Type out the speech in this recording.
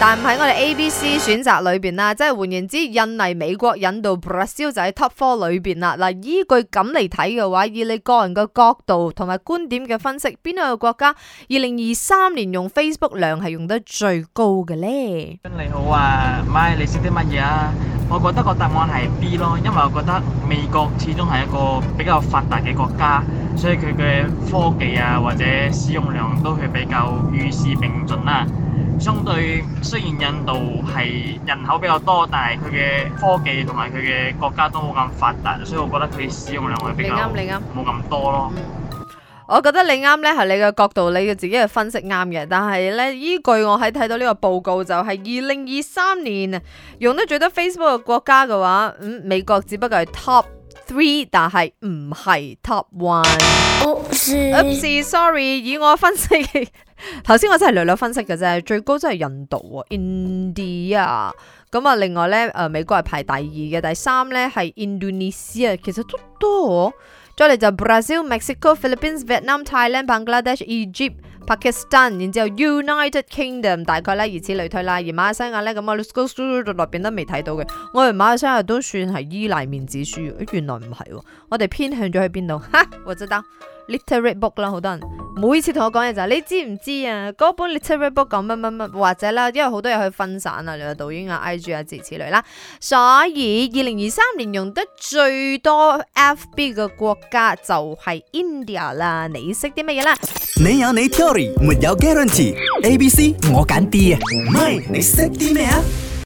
但唔喺我哋 A、B、C 選擇裏邊啦，即係換言之，印尼、美國、印度、巴西就喺 Top Four 裏邊啦。嗱，依據咁嚟睇嘅話，以你個人嘅角度同埋觀點嘅分析，邊一個國家二零二三年用 Facebook 量係用得最高嘅呢？你好啊，咪你識啲乜嘢啊？我覺得個答案係 B 咯，因為我覺得美國始終係一個比較發達嘅國家，所以佢嘅科技啊或者使用量都係比較與時並進啦。相對雖然印度係人口比較多，但係佢嘅科技同埋佢嘅國家都冇咁發達，所以我覺得佢使用量會比較，你啱，你啱，冇咁多咯。我覺得你啱咧，係你嘅角度，你嘅自己嘅分析啱嘅。但係咧，依據我喺睇到呢個報告就係二零二三年用得最多 Facebook 嘅國家嘅話，嗯，美國只不過係 Top three，但係唔係 Top one。Oops，sorry，以我分析。頭先我真係略略分析嘅啫，最高真係印度喎、哦，India。咁啊，另外咧，誒，美國係排第二嘅，第三咧係 Indonesia 其實都多、哦。再嚟就 Brazil、Mexico、Philippines, Philippines、Vietnam、Thailand、Bangladesh、Egypt、Pakistan，然之後，後 United Kingdom，大概咧，如此類推啦。而馬來西亞咧，咁我哋都入面都未睇到嘅，我哋馬來西亞都算係依賴面子書、欸、原來唔係、哦，我哋偏向咗去邊度？吓，我知得。literature book 啦，好多人每次同我講嘢就係你知唔知啊？嗰本 literature book 講乜乜乜，或者啦，因為好多嘢可以分散啦，你話抖音啊、IG 啊，諸如此類啦。所以二零二三年用得最多 FB 嘅國家就係 India 啦。你識啲乜嘢啦？你有你 theory，沒有 guarantee。A B C 我揀 D 啊，唔係你識啲咩啊？